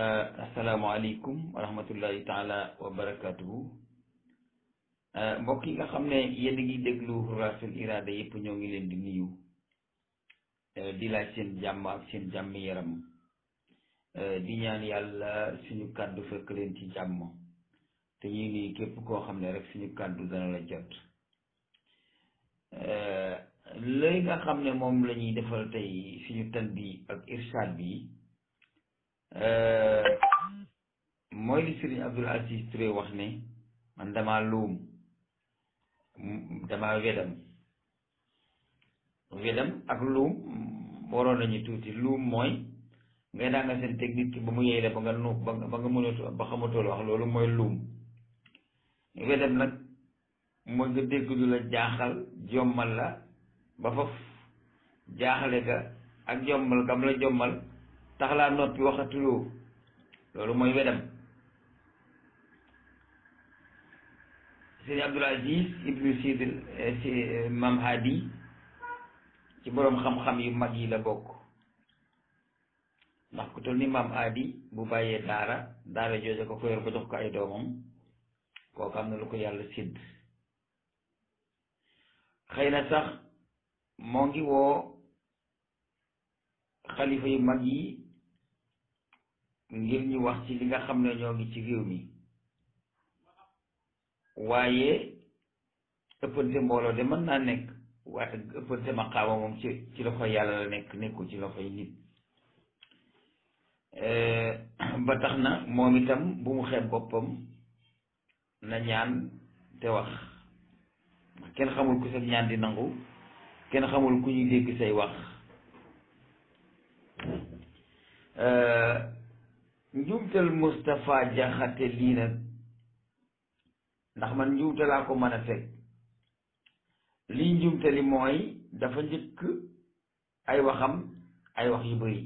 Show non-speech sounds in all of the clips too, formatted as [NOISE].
Eh, asalaamualeykum wa rahmatullahi taala wa barakatuhu eh, mbokk yi nga xam ne yéen a ngi déglu Hurratul Irada yëpp ñoo ngi leen di nuyu eh, di laaj seen jàmm ak seen jàmm yaram di ñaan yàlla suñu kàddu fekk leen ci jàmm te ñuy nuyu képp koo xam ne rek suñu kàddu dana la jot léegi nga xam ne moom lañuy ñuy defal tey suñu tan bi ak irsaad bi Euh, mooy li Serigne Abdoul Aziz wax ne man dama luum dama wedam wedam ak luum waroon nañu tuuti luum mooy ngay daa seen technique ki ba mu yey la ba nga nu ba nga mënatu ba xamatul wax loolu mooy luum wedam nag mooy nga dégg lu la jaaxal jommal la ba faf jaaxale ga ak jommal gam la jommal tax laa noppi waxatuloo loolu mooy wedam sëriñ Abdul Aziz ibnu Sidil eh, eh, Mam Hadi ci boroom xam-xam yu mag yi la bokk ndax ku toll ni Mam Hadi bu bàyyee daara daara jooja ko ko yor ko ay doomam kooku am na lu ko yàlla sidd sax moo ngi woo xalifa yi ngir ñu wax ci li nga xam ne ñoo ngi ci réew mi waaye ëppante mbooloo de mën naa nekk waaye ëppante maqaama moom ci ci loxo yàlla la nekk nekkul ci loxo yi nit eh, [CLEARS THROAT] ba tax na moom itam bu mu xeeb boppam na ñaan te wax kenn xamul ku sa ñaan di nangu kenn xamul ku ñuy dégg say wax eh, njuumtal Moustapha Diakhaté lii nag ndax man njuumtalaa ko mën a teg lii njuumtali mooy dafa njëkk ay waxam ay wax yu bëri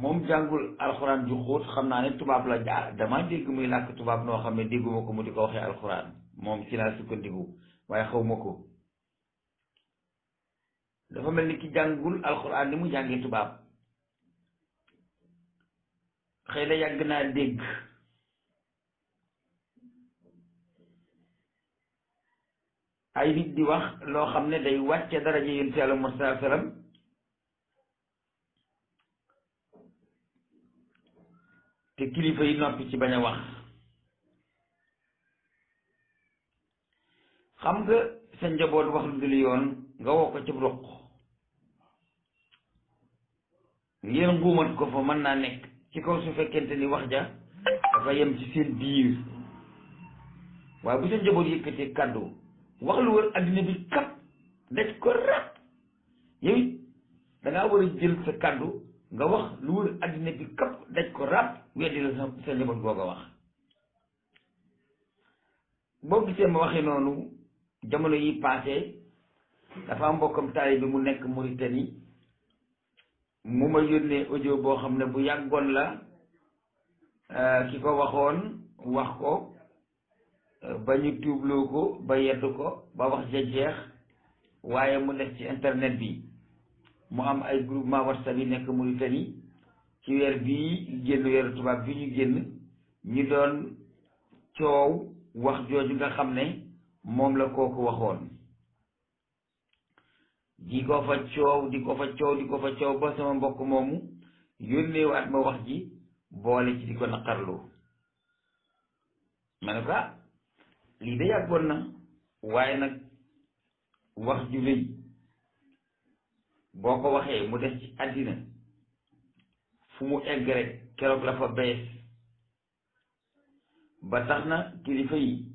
moom jàngul alxuraan ju xam naa ne tubaab la jaar damaa dégg muy làkk tubaab noo xam ne dégguma ko mu di ko waxee alxuraan moom ci laa sukkandiku waaye xaw ma ko dafa mel ni ki jàngul alxuraan ni mu jàngi tubaab xëy na yàgg naa dégg ay nit di wax loo xam ne day wàcce daraja yonent Yàlla Muhammad sallallahu alayhi te kilifa yi noppi ci bañ a wax xam nga sa njaboot wax lu dul yoon nga woo ko ci ruq ngeen nguumat ko fa mën naa nekk ci kaw su fekkente ni wax ja dafa yem ci seen biir waaye bu seen njaboot yëkkatee kàddu wax lu ko rap yow it war wax lu wër addina bi kap daj ko rap weddi la sa sa njaboot googa wax boo gisee ma waxee noonu jamono yi paase dafa am mbokkam taalibe bi mu nekk yi mu ma yónnee audio boo xam ne bu yàggoon la euh, ki ko waxoon wax ko euh, ba ñu tuubloo ko ba yedd ko ba wax ja jeex waaye mu def ci internet bi mu am ay groupement whatsapp yi nekk Mauritanie ci weer bii génn weeru tubaab bi ñu génn ñu doon coow wax jooju nga xam ne moom la kooku waxoon di ko fa coow di ko fa coow di ko fa coow ba sama mbokk moomu yónneewaat ma wax ji boole ci di ko naqarloo ma ah, lii de yàggoon na waaye nag wax ju rëy boo ko waxee mu des ci àddina fu mu egg rek keroog la fa bees ba tax na kilifa yi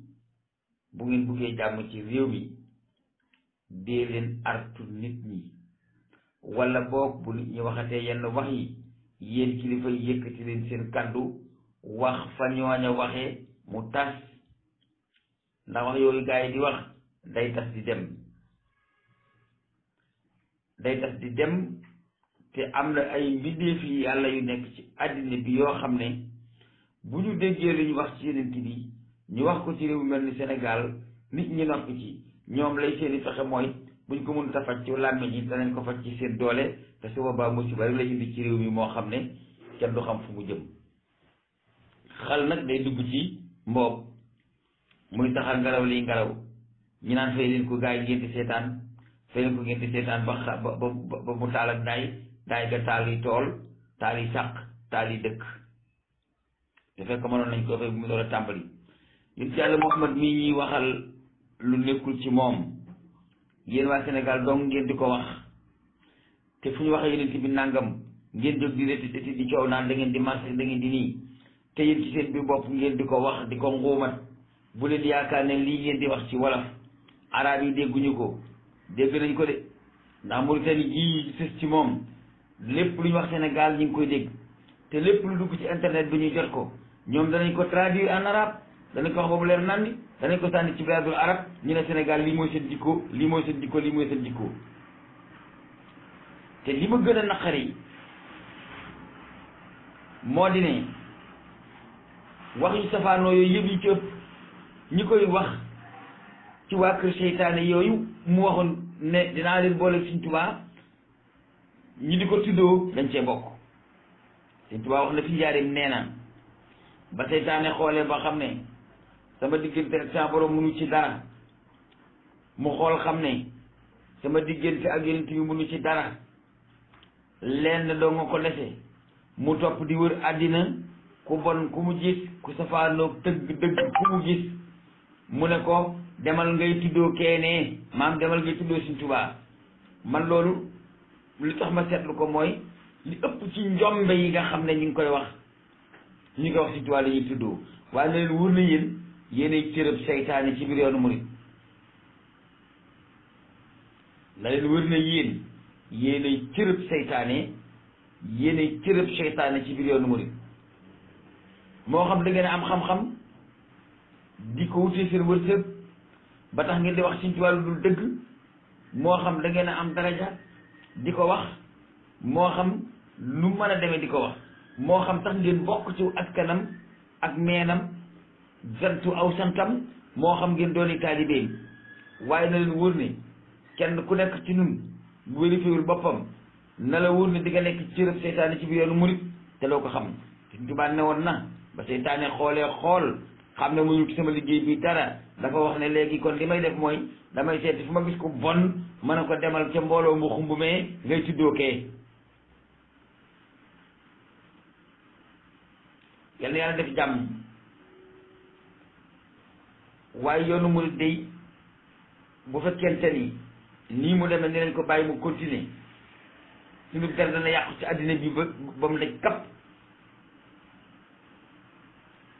bu ngeen buggee jàmm ci réew mi dee leen artu nit ñi wala boog bu nit ñi waxatee yenn wax yi yéen kilifa yi yëkkati leen seen kàddu wax fa ñooña waxee mu tas ndax wax yooyu gaa yi di wax day tas di dem te am na ay mbindeef yi yàlla yu nekk ci àddina bi yoo xam ne bu ñu déggee li ñu wax ci yeneen bi ñu wax ko ci réew mel ni Sénégal nit ñi noppi ci ñoom lay seeni fexe mooy buñ ko mënut a faj ci làmmiñ yi danañ ko faj ci seen doole te su boobaa musiba rek la indi ci réew mi moo xam ne kenn du xam fu mu jëm xal nag day dugg ci mboob muy taxa ngelaw liy ngelaw ñi naan fay leen ko gaa mu taal ak daay daay ga taal tool taal yi sàq taal yi dëkk te fekk mënoon nañ ko fay bu mu door a tàmbali yéen ci Muhammad mii ñuy waxal lu nekkul ci moom yéen waa senegal dong ngeen di ko wax te fu ñu waxee yonent bi nangam ngeen jóg di rëtt di coow naan da di marché da ngeen di nii te yéen ci seen bi bopp ngeen di ko wax di ko nguumat bu leen yaakaar ne lii ngeen di wax ci wolof arab yi dégguñu ko dégg nañ ko de ndax Mauritanie gii sës ci moom lépp lu ñu wax Sénégal ñu ngi koy dégg te lépp lu dugg ci internet bi ñu jot ko ñoom danañ ko traduire en arabe danañ ko wax boobu leer nandi danañ ko sànni ci biladul arab ñu ne Sénégal lii mooy seen jikko lii mooy seen jikko lii mooy seen jikko te li ma gën a naqari moo di ne wax yu safaanoo yooyu yëpp yi ci ëpp ñi koy wax ci waa kër seytaane yooyu mu waxoon ne dinaa leen boole Sëñ Tuubaa ñi di ko tuddoo dañ cee bokk Sëñ Tuubaa wax na fi njaarim nee na ba seytaane xoolee ba xam ne sama diggante ak saa borom munu ci dara mu xool xam ne sama diggante ak yonent yi munu ci dara lenn doo nga ko dese mu topp di wër àddina ku bon ku mu gis ku safaanoog dëgg dëgg ku mu gis mu ne ko demal ngay tuddoo keenee maam demal ngay tuddoo Sëñ Tuubaa man loolu li tax ma seetlu ko mooy li ëpp ci njombe yi nga xam ne ñu ngi koy wax ñu ngi koy wax Sëñ Tuubaa la tuddoo waaye na leen wër na yéen yéenay cërëb seytaane ci biir yoonu murit la leen wër na yéen yéenay cërëb seytaane yéenay cërëb seytaane ci biir yoonu murit moo xam da am xam-xam di ko wutee seen wërsëg ba tax ngeen di wax ci wàllu dul dëgg moo xam dangeen a am daraja di ko wax moo xam lu mën a demee di ko wax moo xam tax ngeen bokk ci askanam ak meenam zantu aw santam moo xam ngeen dooni taalibeem waaye na leen wóor ni kenn ku nekk ci nun bu wériféwul boppam na la wóor ni di nga nekk ci cërëb seytaane ci biir yoonu murit te loo ko xam Sëñ ne woon na ba seytaane xoolee xool xam ne mënul ci sama liggéey bi dara dafa wax ne léegi kon li may def mooy damay seeti fu ma gis ko bon mën a ko demal ca mbooloo mu xumb mee ngay tuddoo kee yal na yàlla def jàmm waaye yoonu murid day bu fekkente yi nii mu demee ne leen ko bàyyi mu continuer suñu der dana yàqu ci àddina bi ba ba mu daj kapp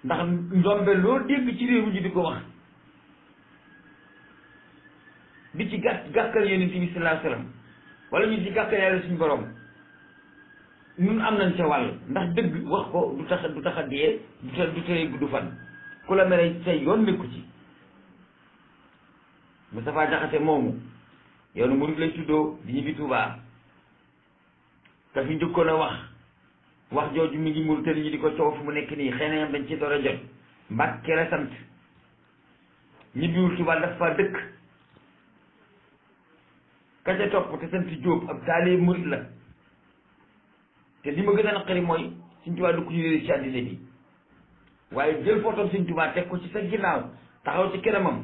ndax njombe loo dégg ci réew mi di ko wax di ci gàtt gàkkal yonent bi sallallahu alayhi ñu di gàkkal yàlla suñu borom ñun am nañ ca wàll ndax dëgg wax ko du tax du tax a dee du tax du tere gudd fan ku la mere say yoon nekku ci Moustapha Diakhaté moomu yoonu murid lay tuddoo di ñibbi Touba te fi njëkkoon a wax wax jooju mi ngi mur te ñi di ko coow fu mu nekk nii xëy na yam dañ ci door a jot Mbàkke la sant ñibbiwul Touba dafa dëkk ka ca topp te sant Jóob ab taalee murid la te li ma gën a naqari mooy Sëñ Tuubaa du ko ñu réer ci àddina bi waaye jël photo Sëñ Tuubaa teg ko ci sa ginnaaw taxaw ci kanamam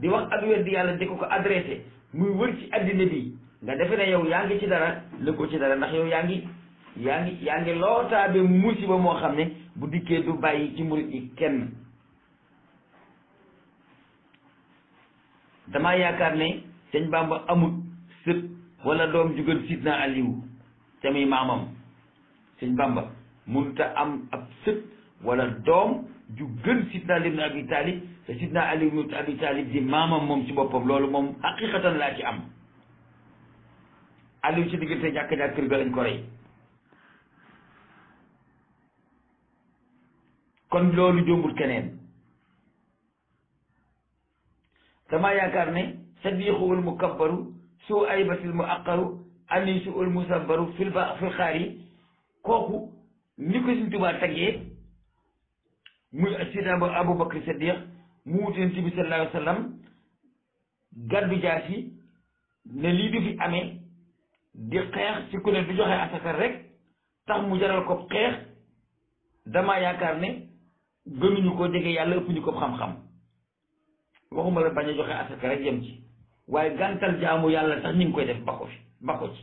di wax ak weddi yàlla di ko ko adressé muy wër ci addina bi nga defe ne yow yaa ngi ci dara lëkkoo ci dara ndax yow yaa ngi yaa ngi yaa ngi lootaabe musiba moo xam ne bu dikkee du bàyyi ci murit yi kenn dama yaakaar ne sëñ Bamba amut sët wala doom ju gën Sidna Aliou te muy maamam sëñ Bamba mënut a am ab sët wala doom ju gën sidna Ali Abi Talib te Ali ibn Abi Talib di maamam moom ci boppam loolu moom haqiqatan laa ci am Aliou ci diggante jàkka jàkk kër ga lañ kon loolu jombul keneen dama yaakaar ne sadiquul mukabbaru su aybatil muaqaru anisul musabbaru fil ba fil xaar yi kooku ni ko suñ tubaa tagee muy sidna ba Aboubacar Siddiq mu wut yonent bi sallallahu alayhi wa sallam gàddu jaasi ne lii du fi amee di xeex ci ku ne joxe asaka rek tax mu jaral ko xeex damaa yaakaar ne gënuñu ko jege yàlla ëpp ñu ko xam-xam waxuma la bañ a joxe asaka rek yem ci waaye gàntal jaamu yàlla sax ñu ngi koy def ba ko fi ba ko ci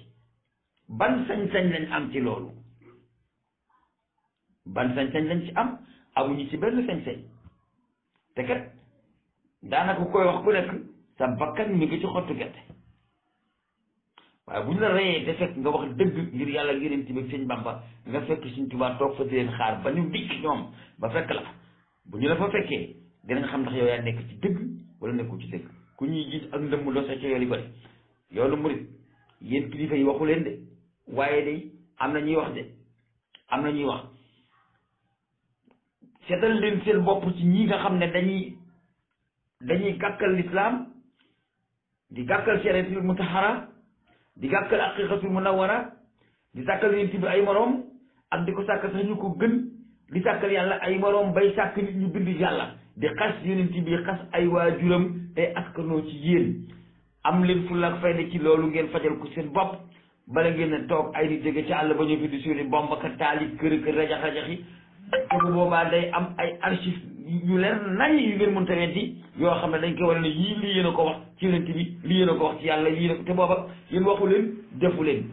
ban sañ-sañ lañ am ci loolu ban sañ-sañ lañ ci am amuñu ci benn sañ-sañ te daanaka koy wax ku nekk sa bakkan mi ngi ci xottu gerte waaye bu ñu la reyee te fekk nga wax dëgg ngir yàlla ngir yéen tamit sëñ Bamba nga fekk suñ tubaab toog fa di xaar ba ñu dikk ñoom ba fekk la bu ñu la fa fekkee dinañ xam ndax yow yaa nekk ci dëgg wala nekkul ci dëgg ku ñu gis ak ndëmm loolu sa ci yoon yi bëri yoonu murit yéen kilifa yi waxu leen de waaye day am na ñuy wax de am na ñuy wax. seetal leen seen bopp ci ñii nga xam ne dañuy dañuy gàkkal lislaam di gàkkal shariatul mutahara di gàkkal a munawara di sàkkal yéen ci bi ay moroom ak di ko sàkk sax ñu ko gën di sàkkal yàlla ay moroom bay sàkk ñu bind yàlla di xas yonent bi xas ay waajuram tey askanoo ci yéen am leen fulla ak fayda ci loolu ngeen fajal ko seen bopp bala ngeen a toog ay di jóge ci àll ba ñu fi di suuli bomb ka taali kër kër rajax rajaxi te bu day am ay archive yu leer nañ yu ngeen mënta weddi yoo xam ne dañ koy wane ne yii lii yéen ko wax ci yonent bi lii yéen a ko wax ci yàlla yii te booba yéen waxu leen defu leen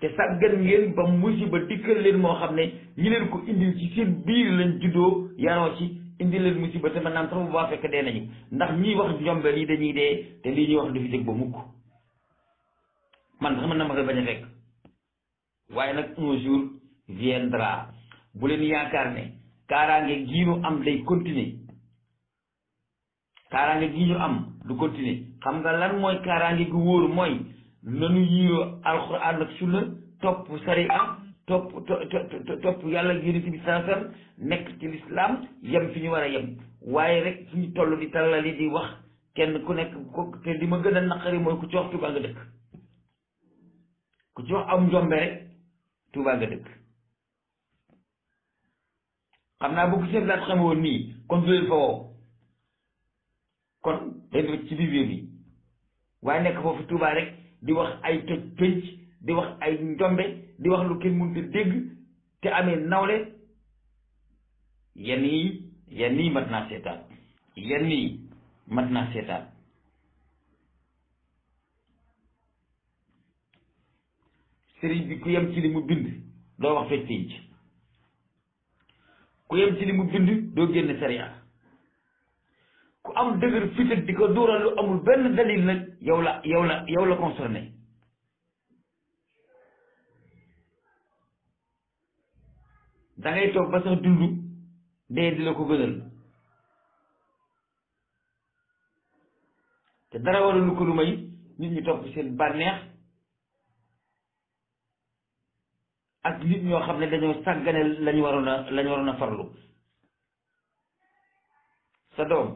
te sàggan ngeen ba musiba dikkal leen moo xam ne ñi leen ko indil ci seen biir lañ juddoo yaroo ci indi leen musiba te mën naan sax bu baa fekk dee nañu ndax ñiy wax njombe lii dañuy dee te lii ñuy wax du fi ba mukk man sax mën na ma koy bañ a fekk waaye nag un jour bu leen yaakaar ne kaaraange gii ñu am day continuer kaaraange gii ñu am du continuer xam nga lan mooy kaaraange gu wóor mooy nanu yiiroo alxuraan ak sunna topp sariya topp topp yàlla yonent bi saa sal nekk ci lislaam yem fi ñu war a yem waaye rek fi ñu toll di tallali di wax kenn ku nekk ko te li ma gën a naqari mooy ku ci wax Tuubaa nga dëkk ku ci wax am njombe rek Tuubaa nga dëkk xam naa bu ko laat xame woon nii kon du leen fa woo kon day def ci biir bi waaye nekk foofu Touba rek di wax ay toj pénc di wax ay njombe di wax lu kenn mënut a dégg te amee nawle yenn yi yenn yi mat naa seetaan yenn yi mat naa seetaan sëriñ bi ku yem ci li mu bind doo wax fekk pénc ku yem ci li mu bind doo génn sariya ku am dëgër fit di ko dóoral lu amul benn dalil nag yow la yow la concerné da toog ba sax dund dee di la ko gënal te dara waralu ko lu may nit ñi topp seen bànneex ak nit ñoo xam ne dañoo sàggane lañu waroon a lañu waroon a farlu sa doom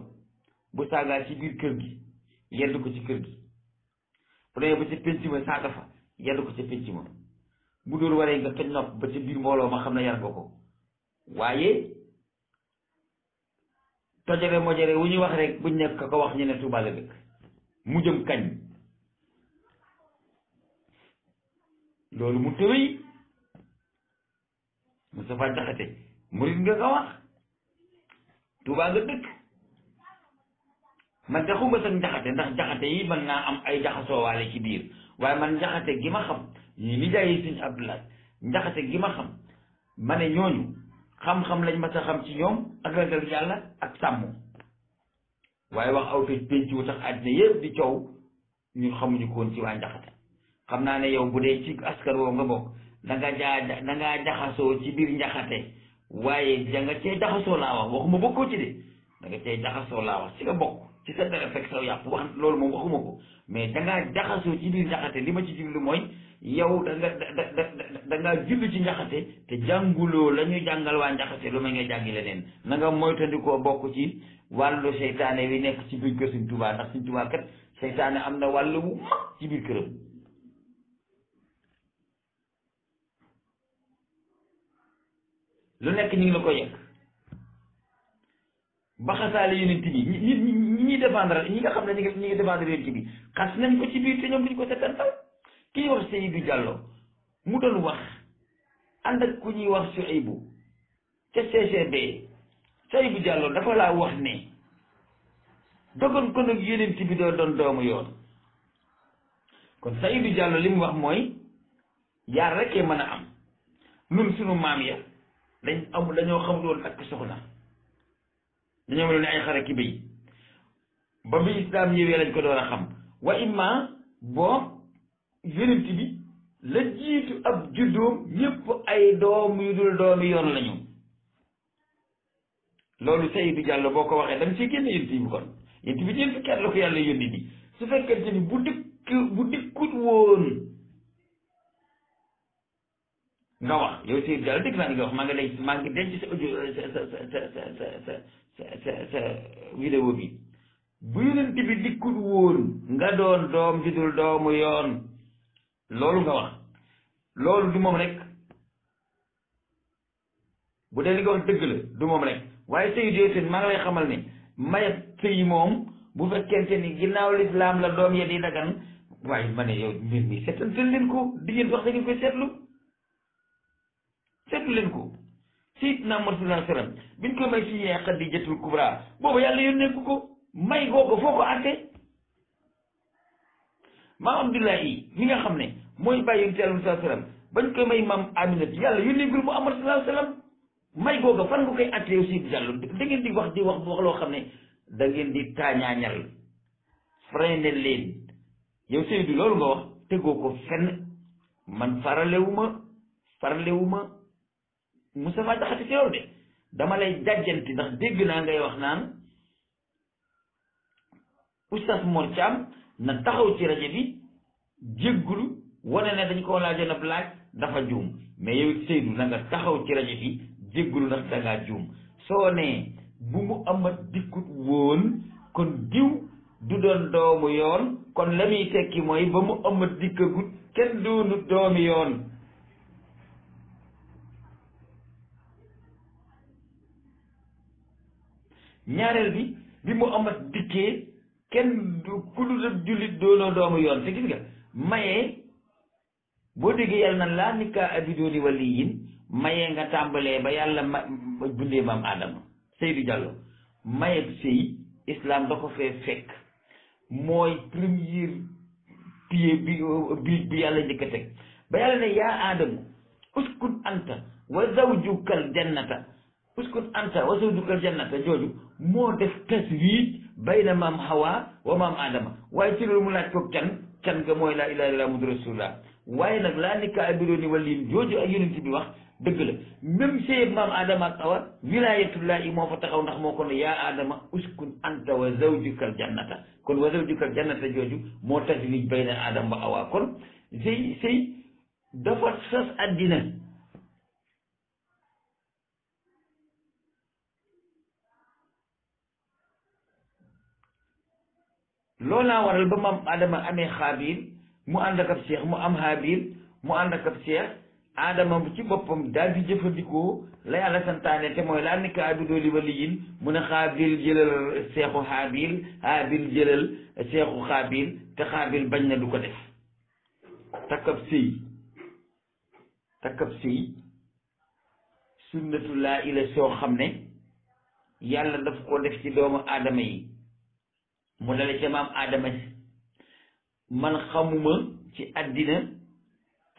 bu saagaa ci biir kër gi yedd ko ci kër gi bu demee ba ca penc ma fa yedd ko ca penc ma bu waree nga toj nopp ba ca biir mbooloo ma xam ne yar nga ko waaye tojere mojere wu ñu wax rek buñ nekk ka ko wax ñu ne Tuuba la mu jëm kañ loolu mu tëwéy Moustapha Jaxate murit nga nga wax Touba nga dëkk man de xuma sax jaxate ndax jaxate yi mën naa am ay jaxasoowaale ci biir waaye man jaxate gi ma xam ñi ni gi ma xam ma ne ñooñu xam-xam lañ ma a xam ci ñoom ak ragal yàlla ak sàmm waaye wax aw tëj penc tax àddina yëpp di coow ñu xamuñu koon ci waa njaxate xam naa ne yow bu dee ci askan woo nga bokk da nga jaa da ngaa jaxasoo ci biir njaxate waaye da nga cee jaxasoo laa wax waxuma bokkoo ci de da cee jaxasoo laa wax ci nga bokk ci sa dara fekk saw yàpp wax loolu moom waxuma ko mais da ngaa jaxasoo ci biir njaxate li ma ci jublu mooy yow da nga da ci njaxate te jànguloo la ñu jàngal waa njaxate lu ma nga jàngi leneen na nga moytandikoo bokk ci wàllu seytaane wi nekk ci biir kër Sëñ Tuubaa ndax Sëñ Tuubaa kat seytaane am na wàll wu mag ci biir këram lu nekk ñu ngi la ko yekk ba xasaale yonent bi ñi ñi ñi défendre ñi nga xam ne ñi ngi ñi ngi défendre yonent xas nañ ko ci biir te ñoom duñ ko setantal kii wax Seydou Diallo mu doon wax ànd ak ku ñuy wax Souaïbou ca CCB Seydou Diallo dafa laa wax ne dogoon ko nag yonent bi doo doon doomu yoon kon Seydou Diallo li mu wax mooy yaar rekk mën a am nun sunu maam ya dañ amul dañoo xamul woon ak soxla dañoo mel ni ay xare ki béy ba bi islaam ñëwee lañ ko door a xam wa imma boo yonent bi la jiitu ab juddoom ñëpp ay doom yu dul doomi yoon lañu loolu Seydou Diallo boo ko waxee dama ci génn yonent bi kon yonent bi ñeent fukki at la ko yàlla yónni bi su fekkente ni bu dëkk bu dëkkut woon non waaw yow si dëgg laa nga wax maa ngi lay maa ngi denc sa audio sa sa sa sa sa sa woon nga doon doom ju dul doomu yoon loolu nga wax loolu du moom rek bu dee li nga wax dëgg la du moom rek waaye sëy dooteen maa ngi lay xamal ne mayat sëy moom bu fekkente ni ginnaaw lislaam la doom ya di dagan waaye ma ne yow mbir mi seetantal leen ko di ngeen wax da ngeen koy seetlu seetlu leen ko Seydina Muhammad sallallahu alayhi wasallam biñ ko may suñu yaay Xadijatul Kubra boobu yàlla yónnee ko ko may googu foo ko àtte nga xam ne mooy bàyyi yonent yàlla sallallahu alayhi wasallam bañ koy may maam Aminata di wax di loo xam ne di taañaañal freiné leen yow Seydou loolu ko man faralewuma faralewuma Moustapha Diakhaté ci loolu de dama lay jàjjanti ndax dégg naa ngay wax naan oustaz Mor Thiam na taxaw ci rajo bi jéggulu wane ne dañ ko laajoon ab laaj dafa juum mais yow it Seydou taxaw ci rajo bi jéggulu ndax dangaa juum soo nee bu mu amat dikkut woon kon diw du doon doomu yoon kon la muy tekki mooy ba mu amat dikkagut kenn doonu doomi yoon ñaareel bi bi mu amat dikkee kenn ku dul ab jullit doonoo doomu yoon te gis mayee boo déggee yàlla na laa nikkaa abidooni waliyin mayee nga tàmbalee ba yàlla ma bindee maam Adama Seydou Diallo maye sëy islam da ko fee fekk mooy premier pied bi bi yàlla njëkk teg ba yàlla ne yaa Adama uskun anta wa zawjukal jannata uskun anta wa zawjukal jannata jooju moo def taswiij bayna maam Hawa wa maam Adama waaye ci loolu mu laaj ko can can ga mooy laa ilaaha illallaah Muhammadu rasuulullaah waaye nag laa nikaaha birooni waliin jooju ak yonent bi wax dëgg la même sëy maam Adama ak Awa wilaayatullaahi moo fa taxaw ndax moo ko ne yaa Adama uskun anta wa zawjukal jannata kon wa zawjukal jannata jooju moo taswiij bayna Adama wa Awa kon sëy sëy dafa sas àddina loolaa waral ba maam Adama amee xaabil mu ànd ak ab seex mu am xaabil mu ànd ak ab seex Adama ci boppam daal di jëfandikoo la yàlla santaane te mooy laa nekk abidoo li waliyin mu ne xaabil jëlal seexu xaabil xaabil jëlal seexu xaabil te xaabil bañ na du ko def takkab sëy takkab sëy sunnatu laa ila soo xam ne yàlla daf ko def ci doomu aadama yi mu dale ca maam aadama man xamuma ci àddina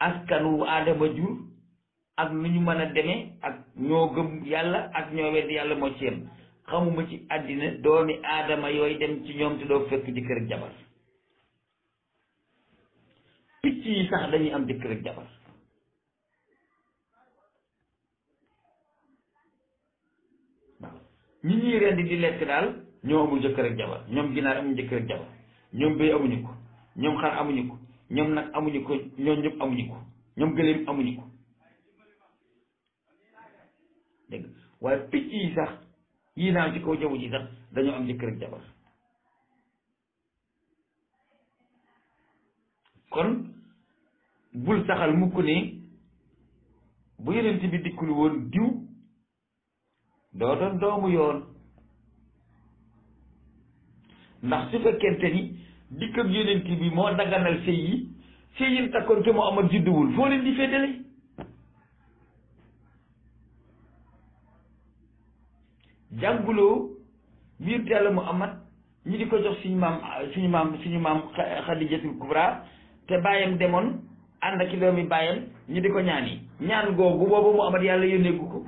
askan wu aadama jur ak nu ñu mën a deme ak ñoo gëm yàlla ak ñoo wedd yàlla moo ci yem xamuma ci àddina doomi aadama yooyu dem ci ñoom te doo fekk jëkkër ak jabar picc yi sax dañuy am jëkkër ak jabar waaw ñi ñuy rendi di lekk daal ñoom amul jëkkër ak jabar ñoom ginaar amul jëkkër ak jabar ñoom béy amuñu ko ñoom xar amuñu ko ñoom nag amuñu ko ñoom ñëpp gëléem amuñu ko waaye picc yi sax yii naaw ci kaw jaww ji sax dañoo am jëkkër ak jabar kon bul saxal mukk ni bu yeneen bi dikkul woon diw doo doon doomu yoon ndax su fekkente ni dikkam yonent bi moo daganal sëy yi sëy yi takkoon mu amat judduwul foo leen di féetale jànguloo mbir yàlla Muhammad ñi di ko jox suñu maam suñu maam suñu maam Xadijatul Kubra te baayam demoon ànd ak doomi baayam ñi di ko ñaani ñaan googu boobu Muhammad yàlla yónneeku ko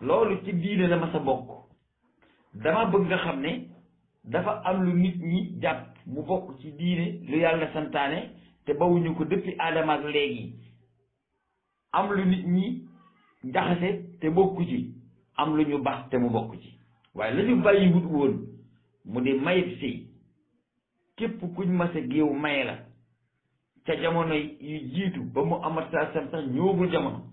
loolu ci diine la sa bokk dama bëgg nga xam ne dafa am lu nit ñi jàpp mu bokk ci diine lu yàlla santaane te bawuñu ko depuis Adama ak léegi am lu nit ñi jaxase te bokku ci am lu ñu bax te mu bokk ci waaye la ñu woon mu di mayib sëy képp kuñ mas a géew may la ca jamono yu jiitu ba mu amat saa sam sax jamono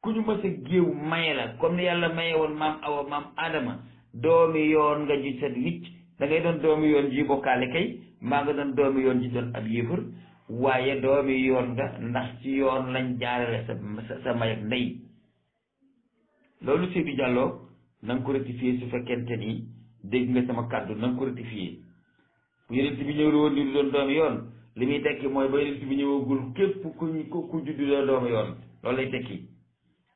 ku ñu mas géew may la comme ni yàlla maye woon maam awa maam adama doomi yoon nga ji set wicc da ngay doon doomi yoon ji bokkaale kay maa nga doon doomi yoon ji doon ab yéefar waaye doomi yoon nga ndax ci yoon lañ jaarale sa sa may ak ndey loolu Seydou Diallo na ko rectifié su ni dégg sama kàddu na nga ko rectifié bu yonent bi ñëwul woon ni du doon doomi yoon li muy tekki mooy ba yonent bi ñëwagul képp kuñ ku juddu doon doomi yoon loolu lay tekki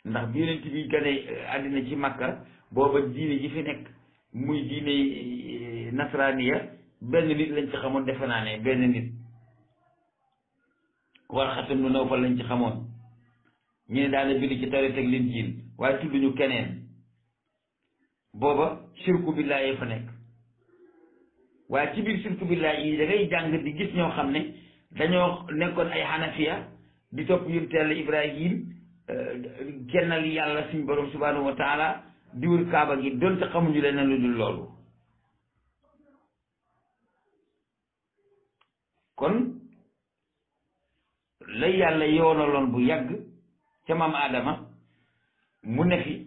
ndax bu yonent bi gane eh, àddina ci Makka booba diine ji fi nekk muy diine eh, nasraaniya benn nit lañ ci xamoon defe naa ne benn nit war xatam nu nawfal lañ ci xamoon ñu ne daana bind ci tawreet ak linjiil waaye tudduñu keneen booba sirku billaahi fa nekk waaye ci biir sirku billaahi yi da jàng di gis ñoo xam ne dañoo nekkoon ay xanafiya di topp yonent Yàlla Ibrahim kennal eh, yàlla suñ borom subhanahu wa di wër kaaba gi donte xamuñu leneen lu dul loolu kon la yàlla yoonaloon bu yàgg ca maam Adama mu ne fi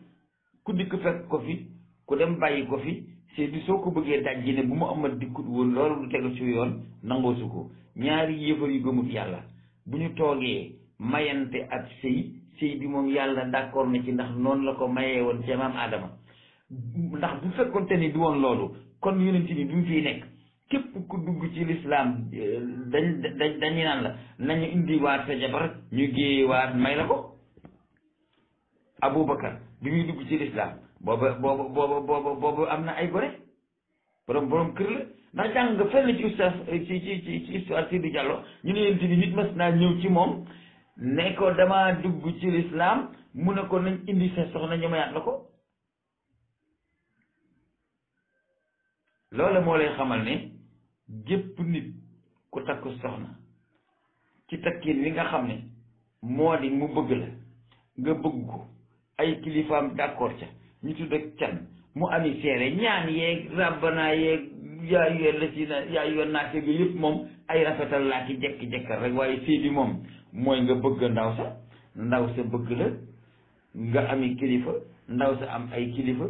ku dikk fekk ko fi ku dem bàyyi ko fi seeti soo ko bëggee dajji ne bu mu amal dikkut woon loolu du tegu ci yoon nangoo su ñaari yëfar yu gëmut yàlla bu ñu toogee mayante ak sëy sëy bi moom yàlla d'accord na ci ndax noonu la ko mayee woon ca maam Adama ndax bu fekkoonte ni du woon loolu kon yonent bi duñ fiy nekk képp ko dugg ci lislaam dañ dañ dañu naan la nañu indi waat sa jabar ñu géey waat may la ko Aboubacar bi muy dugg ci lislaam booba booba booba booba booba am na ay gore borom borom kër la ndax jàng fenn ci ustaas ci ci ci histoire Seydou ñu ne yonent bi nit mas naa ñëw ci moom ne ko damaa dugg ci lislaam mu ne ko nañ indi sa soxna ñu mayaat la ko loolu moo lay xamal ne gépp nit ku takku soxna ci takkin wi nga xam ne moo di mu bëgg la nga bëgg ko ay kilifaam d'accord ca ñu tudd ak can mu ami seere ñaan yeeg rabbana yeeg yaa yor la ci yaa yor naake bi yëpp moom ay rafetal laa ki jekk-jekkal rek waaye sëy bi moom mooy nga bëgg ndaw sa ndaw sa bëgg la nga ami kilifa ndaw sa am ay kilifa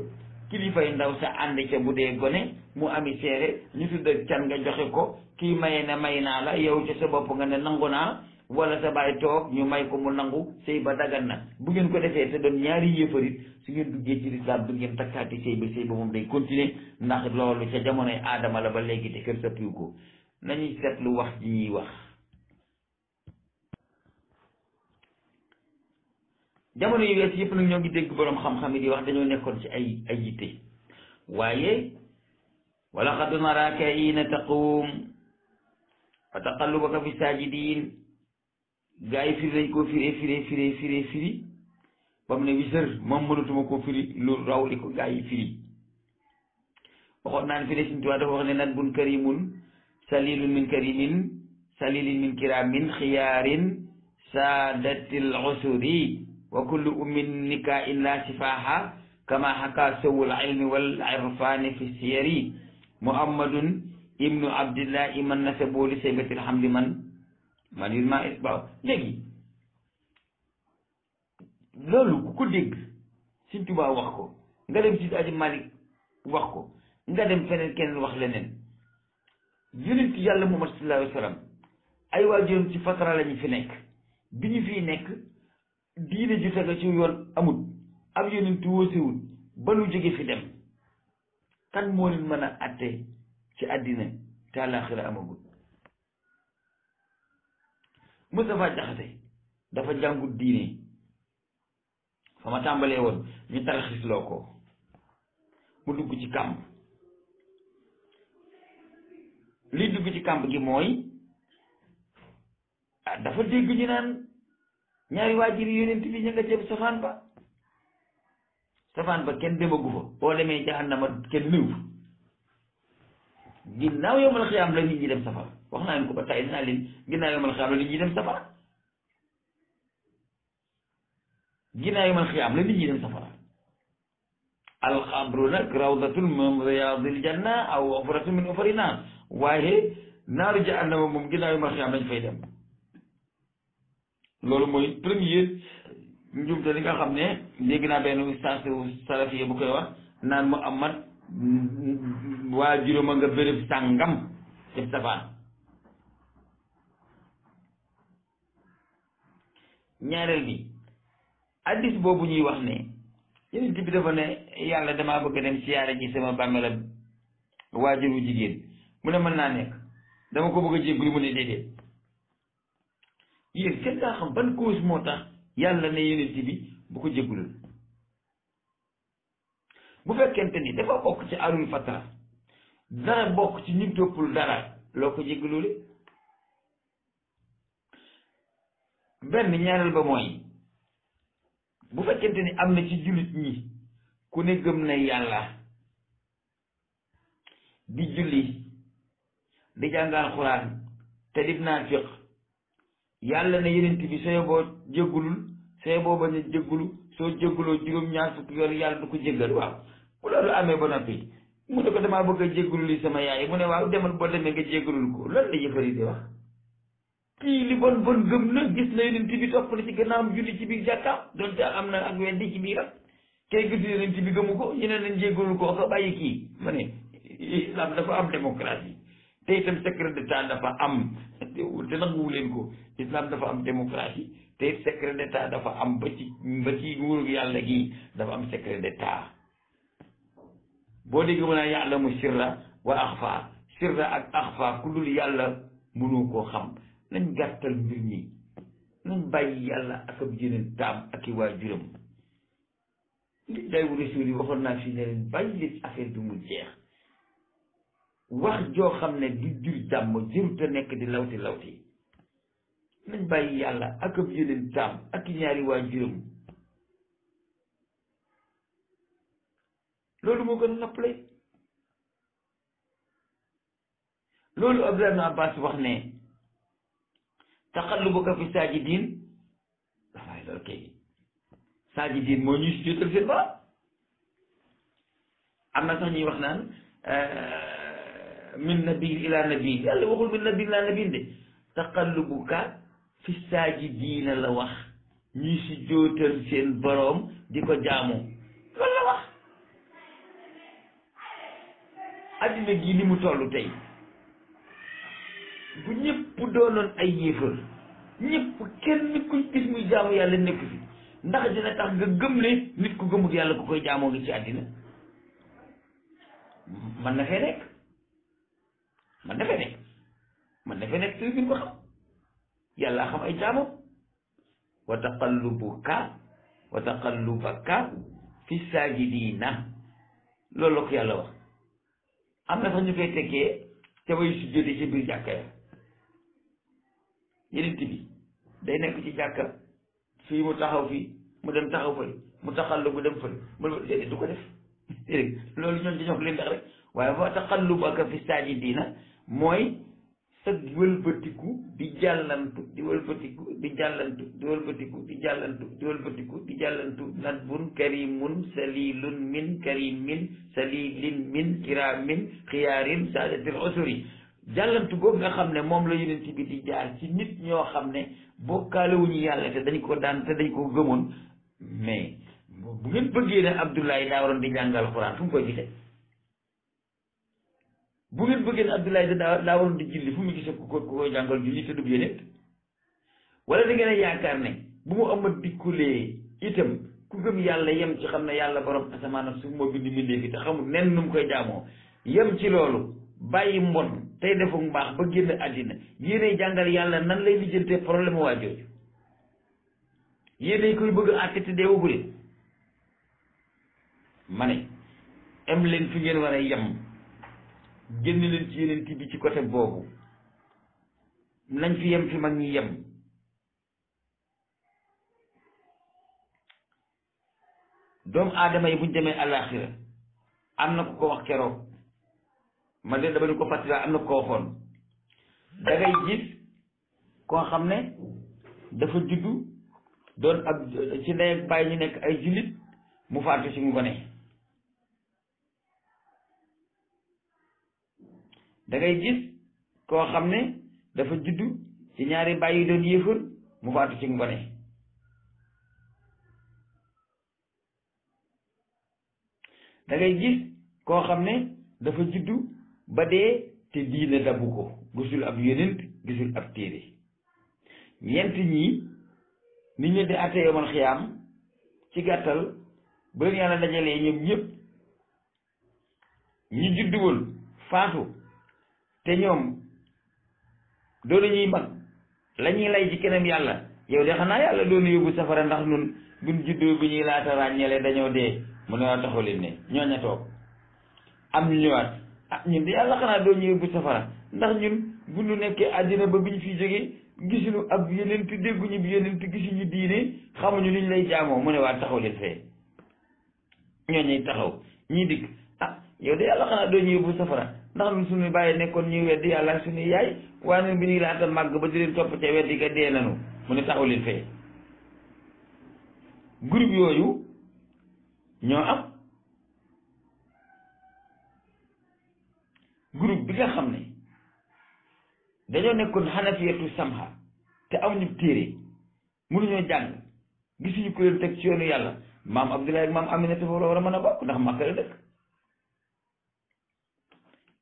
kilifay ndaw sa ànd ca bu dee gone mu ami seere ñu tudd can nga joxe ko kii maye ne may naa la yow ca sa bopp nga ne nangu naa wala sa baay toog ñu may ko mu nangu sëy ba dagan na bu ngeen ko defee te doon ñaari yëfarit su ngeen duggee ci lislaam bu ngeen takkaati sëy ba sëy ba moom day continuer ndax loolu ca jamonoy aadama ba léegi te kër sëpp ko nañuy seetlu wax ji ñuy wax jamono yu wees yëpp nag ñoo ngi dégg boroom xam-xam yi wax dañoo nekkoon ci ay ay yitte waaye wala xad naraka ina taquum fa taqallubaka fi saajidin gaa yi firi nañ koo firi firi firi firi firi ba mu ne wisër moom firi lu raw li ko gaa yi firi waxoon naan fi ne Sëñ Tuubaa dafa wax ne nan bun karimun salilun min karimin min kiramin xiyaarin saadatil usuri wa kullu ummin nikaa la sifaaha kama haka sowul ilmi wal irfani fi siyari muhammadun ibnu abdillahi man nasabooli saybatil hamdi man manuellement waaw léegi loolu ku ko dégg Sëñ wax ko nga dem ci aji Malik wax ko nga dem feneen keneen wax leneen yonent yàlla Muhammad sallallahu alayhi wa sallam ay waajuram ci fi nekk bi ñu fi nekk diine ju tege ci yoon amut ab yonent wóosewut ba nu jóge fi dem kan moo leen mën a atte ci àddina te àllaaxira amagul Moustapha Jaxate dafa jàngul diine fa ma tàmbalee woon ñu tarxis ko mu dugg ci kàmb li dugg ci kàmb gi mooy ah dafa dégg ñu naan ñaari waajiri yonent bi ña nga jëm safaan ba safaan ba kenn demagu fa boo demee jahannama kenn néew ginnaaw yow mal xiyaam la nit ñi dem safaan wax naa leen ko ba tey dinaa leen ginnaaw yomal xiyaam la nit ñi dem safara ginnaaw yomal xiyaam la nit ñi safara alxabru nag rawdatun min riyaadil aw hufratun min hufari waaye naaru jahannama moom ginnaaw yomal xiyaam lañ fay dem loolu mooy premier njuumte li nga xam ne dégg naa benn ustaas salafiya bu koy wax naan mu amat waa juróoma nga béréb sàngam def ñaareel bi addis boobu ñuy wax ne yeneen bi dafa ne yàlla damaa bëgg dem siyaare ji sama bàmmeelab waajuru jigéen mu ne mën naa nekk dama ko bëgg a jéggalu mu ne déedéet yéen kenn daa xam ban cause moo tax yàlla ne yeneen bi bu ko jéggalul bu fekkente ni dafa bokk ci alul fatra dara bokk ci ñu toppul dara loo ko jéggalule benn ñaareel ba mooy bu fekkente ni am na ci jullit ñi ku ne gëm na yàlla di julli di jàngal xuraan te dib naa fiq yàlla na yenent bi soo boo jéggulul soo boo ba a jéggulu soo jégguloo juróom-ñaar fukki yoon yàlla du ko jéggal waaw bu loolu amee ba noppi mu ne ko damaa bëgg a jéggulu li sama yaay mu ne waaw demal boo demee nga jéggulul ko loolu la yëfari di kii li bon bon gëm na gis na yonent bi topp na ci gannaawam julli ci biir jàkkaam donte am na ak weddi ci biiram kay gis yonent bi gëmu ko ñu ne leen jégalu ko wax bàyyi ki ma ne islam dafa am démocratie te itam secret d'état dafa am te nanguwu leen ko islam dafa am démocratie te secret d'état dafa am ba ci ba ci yàlla gi dafa am secret d'état boo déggee mën a yàlla mu sirra wa axfa sirra ak axfa ku dul yàlla mënu ko xam nañ gàttal mbir mi nañ bàyyi yàlla ak ab taam ak i waajuram li day wu rasul yi waxoon naa fi ne bàyyi leen affaire bi mu jeex wax joo xam ne du jur jàmm jërut a nekk di lawti lawti nañ bàyyi yàlla ak ab taam ak i ñaari waajuram loolu moo gën a noppale loolu Abdullah ibn Abbas wax ne taqallubuka fi saajidiin waaye loolu kay saajidiin moo seen borom am na sax ñuy wax naan euh, min nabiin ila nabiin yàlla waxul min nabiin ila nabiin de taqallubuka fi saajidiina la wax ñuy sujjóotal seen borom di ko jaamu loolu wax addina gi ni mu toll tey bu ñëpp doonoon ay yéefar ñëpp kenn kuy gis muy jaamu yàlla nekk fi ndax dina tax nga gëm ne nit ku gëmut yàlla ku koy jaamoo ngi ci àddina man na fee nekk man na fee nekk man na fee ko xam yàlla xam ay jaamoo wa taqallubuka fi saajidiina loolu la yàlla wax am na sax ñu koy tekkee te way sujjóote ci biir jàkka yenent bi day nekk ci jàkka fii mu taxaw fii mu dem taxaw fële mu taxallubu dem fële mu déedéet du ko def [LAUGHS] dégg loolu ñoom dañoo wax leen ndax rek waaye fa taxallubaka fi saajidiina mooy sa wëlbatiku di jàllantu di wëlbatiku di jàllantu di wëlbatiku di jàllantu di wëlbatiku di jàllantu nadbun karimun salilun min karimin salilin min kiramin xiyaarin saadatil usuri jàllantu boobu nga xam ne moom la yonent bi di jaar ci nit ñoo xam ne bokkaale wu yàlla te dañ ko daan te dañ ko gëmoon mais bu ngeen bëggee ne Abdoulaye daa waroon di jàng alxuraan fu mu gisee bu ngeen bëggee ne Abdoulaye di julli fu mu gisee ku ko ku ko jàngal julli te du yonent wala da ngeen a yaakaar ne bu mu amat dikkulee itam ku gëm yàlla yem ci xam ne yàlla borom asamaan ak moo bind mbindee fi te xamul nen nu mu koy jaamoo yem ci loolu. bàyyi mbon tey defu mbaax ba génn àddina yéenay jàngal yàlla nan lay lijjantee problème waa jooju yéenay koy bëgg àtte te deewagu leen ma ne am leen fi ngeen war a yem génn leen ci yeneen ti bi ci côté boobu nañ fi yem fi mag ñi yem doomu aadama yi buñ demee àllaaxira am na ku ko wax keroog man de dama di ko fàttali am na ko waxoon gis koo xam ne dafa juddu doon ak ci ndey bàyyi ñu nekk ay jullit mu faatu ci mu gone da xam ne dafa juddu ñaari bàyyi yu doon yéefar mu faatu gis koo xam ne dafa juddu ba dee te diine dabu ko gisul ab yonent gisul ab téere ñeent ñii nit ñi di àtte yomal xiyaam ci gàttal ba leen yàlla dajalee ñoom ñëpp ñi judduwul faatu te ñoom doon ñuy mag la lay ci kanam yàlla yow de xanaa yàlla doon yóbbu safara ndax nun buñ juddoo bi ñuy laata ràññale dañoo dee mu ne waa taxu ne ñooña toog am ñu ñëwaat ah ñun de yàlla xanaa doo ñëwee bu safara ndax ñun bu ñu nekkee àddina ba bi ñu fi jógee gisuñu ab yeneen dégguñu bi yeneen te gisuñu diine xamuñu liñ lay jaamoo mu ne waa taxaw leen fee ñooñu taxaw ñii dikk ah yow de yàlla xanaa doo ñëwee bu safara ndax ñun suñu bàyyi nekkoon ñu weddi yàlla ak suñuy yaay waaye ñun bi ñuy laata màgg ba di leen topp ca weddi ga dee nanu mu ne taxaw fee groupe yooyu ñoo am. group bi nga xam ne dañoo nekkoon xanafiyatu samha te aw ñu téere mënuñoo jàng gisuñu ko leen teg ci yoonu yàlla maam Abdoulaye maam Aminata foofu la war a mën a bokk ndax Makka la dëkk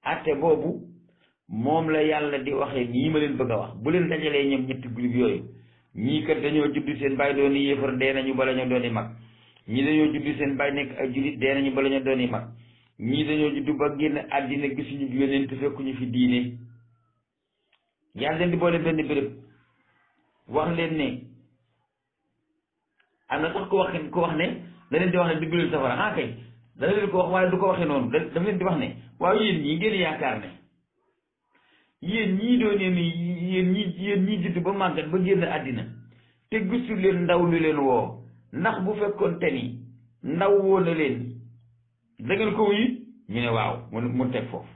atte boobu moom la yàlla di waxee nii ma leen bëgg a wax bu leen dajalee ñoom ñetti groupe yooyu ñii kat dañoo judd seen bàyyi doon yéefar dee nañu bala ñoo doon yi mag ñii dañoo judd seen bàyyi nekk ay julit dee nañu bala ñoo doon yi mag ñii dañoo juddu ba génn àddina gisuñu yonent fekkuñu fi diine yàlla leen di boole benn béréb wax leen ne am na sax ko wax ku wax ne da leen di wax ne dugg leen safara ah kay dana leen ko wax waaye du ko waxee noonu dafa leen di wax ne waaw yéen ñii ngeen yaakaar ne yéen ñii doon yéen ñii yéen ñii juddu ba màggat ba génn àddina te gisul leen ndaw lu leen woo ndax bu fekkoon te ni ndaw woo na leen da ngeen ko wuyu ñu ne waaw mu mu teg foofu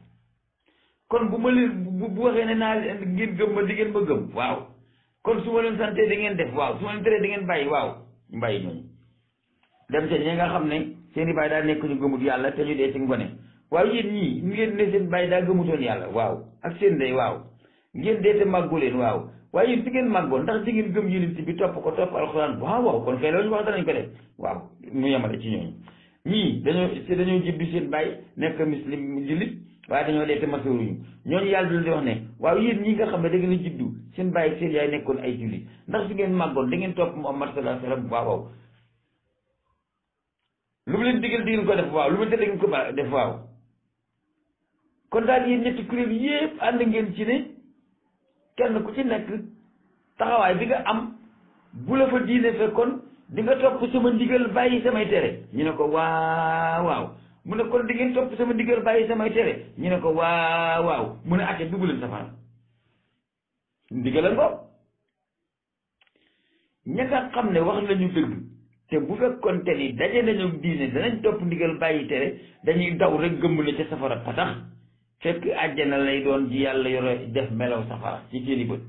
kon bu ma leen bu waxee ne naa ngeen gëm ma li ngeen ma gëm waaw kon su ma leen santee da ngeen def waaw su ma leen teree da ngeen bàyyi waaw ñu bàyyi ñooñu dem seen ñi xam ne seen i bàyyi daa nekk ñu gëmut yàlla te ñu dee ci ngone waaw yéen ñii ngeen ne seen bàyyi daa gëmutoon yàlla waaw ak seen ndey waaw ngeen dee te màggu leen waaw waaye yéen di ngeen màggoon ndax di ngeen gëm unité bi topp ko topp alxuraan waaw waaw kon kay loolu ñu wax danañ ko def waaw mu yemale ci ñooñu ñii dañoo si dañoo jibbi seen bàyyi nekk muslim jullit waaye dañoo dee te masaruñu ñooñu yàlla du di wax ne waaw yéen ñi nga xam ne da ngeen a jiddu seen bàyyi seen yaay nekkoon ay jullit ndax su ngeen màggoon da ngeen topp Muhammad sallallahu alayhi wasallam waaw waaw lu mu leen digal di ngeen ko def waaw lu mu te da ngeen ko ba def waaw kon daal yéen ñetti kuréel yépp ànd ngeen ci ne kenn ku ci nekk taxawaay bi nga am bu la fa diine fekkoon di nga topp sama ndigal bàyyi samay tere ñu ne ko waaw waaw mu ne kon di topp sama ndigal bàyyi samay tere ñu ne ko waaw waaw mu ne acca dugg leen safara ndigalal ko ña nga xam ne wax nañu dëgg te bu fekkoon te ni daje nañu diine danañ topp ndigal bàyyi tere dañuy daw rek gëmm ne ca safara patax fekk àjjana lay doon ji yàlla yore def melaw safara ci seeni bët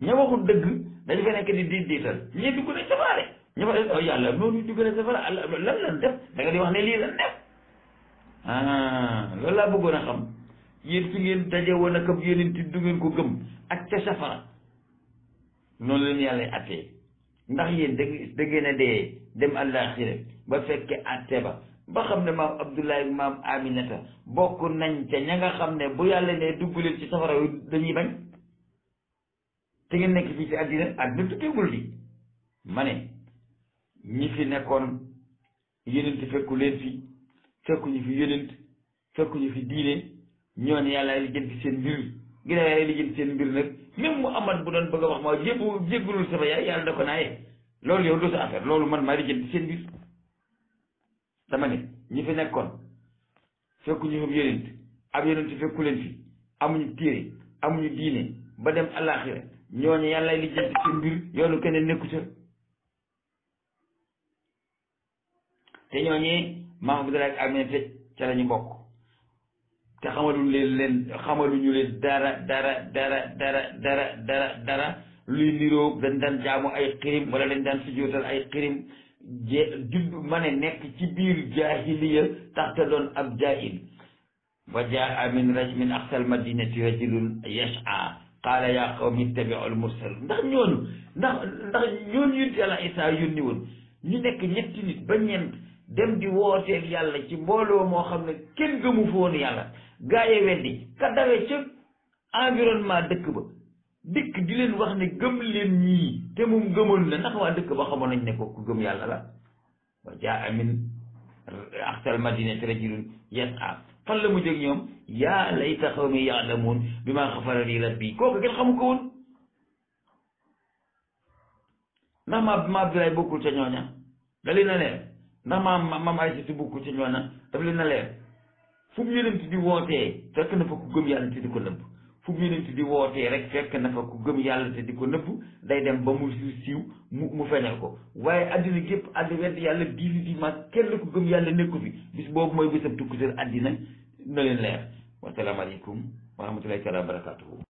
ña waxul dëgg dañu fa nekk di di diital ñii dugg nañ safara oh, ñu yàlla noonu dugg nañ safara lan lan def da nga di wax ne lii lan def ah laa bëggoon a xam yéen fi ngeen daje woon ak ab yonent du ko gëm ak ca safara noonu leen yàlla attee ndax yéen dëgg dëgg na dee dem àllaaxira ba fekke atte ba ba xam ne maam Abdoulaye maam Aminata bokk nañ ca ña nga xam ne bu yàlla ne dugg leen ci safara dañuy bañ te ngeen nekk fii ci àddina àddina tukkeegul di ma ne fi nekkoon yonent fekku leen fi fekku ñu fi fekku ñu fi ñoo ñoon yàlla lijjanti seen mbir ginnaaw yàlla lijjanti seen mbir nag même mu amat bu a wax ma jéggu jéggulul sama yaay yàlla da ko naaye loolu yow seen mbir dama ne nekkoon fekku ñu fi ab yonent fekku leen fi amuñu téere amuñu diine ba dem àllaaxira ñooñu yàlla li jënd ci mbir yoonu kenn nekku ca te ñooñu Mahmoud rek ak Aminata ca la ñu bokk te xamaluñ leen leen xamaluñu leen dara dara dara dara dara dara dara luy niroo dañ daan jaamu ay xirim wala dañ daan sujjóotal ay xirim je judd ma nekk ci biir jaahiliya tax te doon ab jaahil wa min raj madinati rajulun yasha qaala yaa qawmi ittabiul mursal ndax ñooñu ndax ndax ñooñu yonent yàlla Isaa yónni woon ñu nekk ñetti nit ba ñeent dem di wooteel yàlla ci mbooloo moo xam ne kenn gëmu foon yàlla gaaye weddi ka dawe ca environnement dëkk ba dëkk di leen wax ne gëm leen ñii te moom gëmoon na ndax waa dëkk ba xamoon nañ ne ko ku gëm yàlla la wa jaa amin axtal madinati rajulun yas'a fan la mu jóg ñoom yaa layta qawmi ya'lamuun bimaa xafara lii rabbii kooku kenn xamu ko woon ndax maam maam Abdoulaye bokkul ca ñooña da leen a leer ndax maam maam Aysatu bokkul ca ñooña daf leen a leer fu di wootee fekk na fa ku gëm ko nëbb fu mu yonent di wootee rek fekk na fa ku gëm yàlla te di ko nëbb day dem ba mu siiw mu mu feñal ko waaye addina gépp àdd wedd yàlla diini di ma kenn ku gëm yàlla nekku fi bis boobu mooy bésab tukkuseel addina na leen leer wasalaamu aleykum wa rahmatullahi taala wa barakatuhu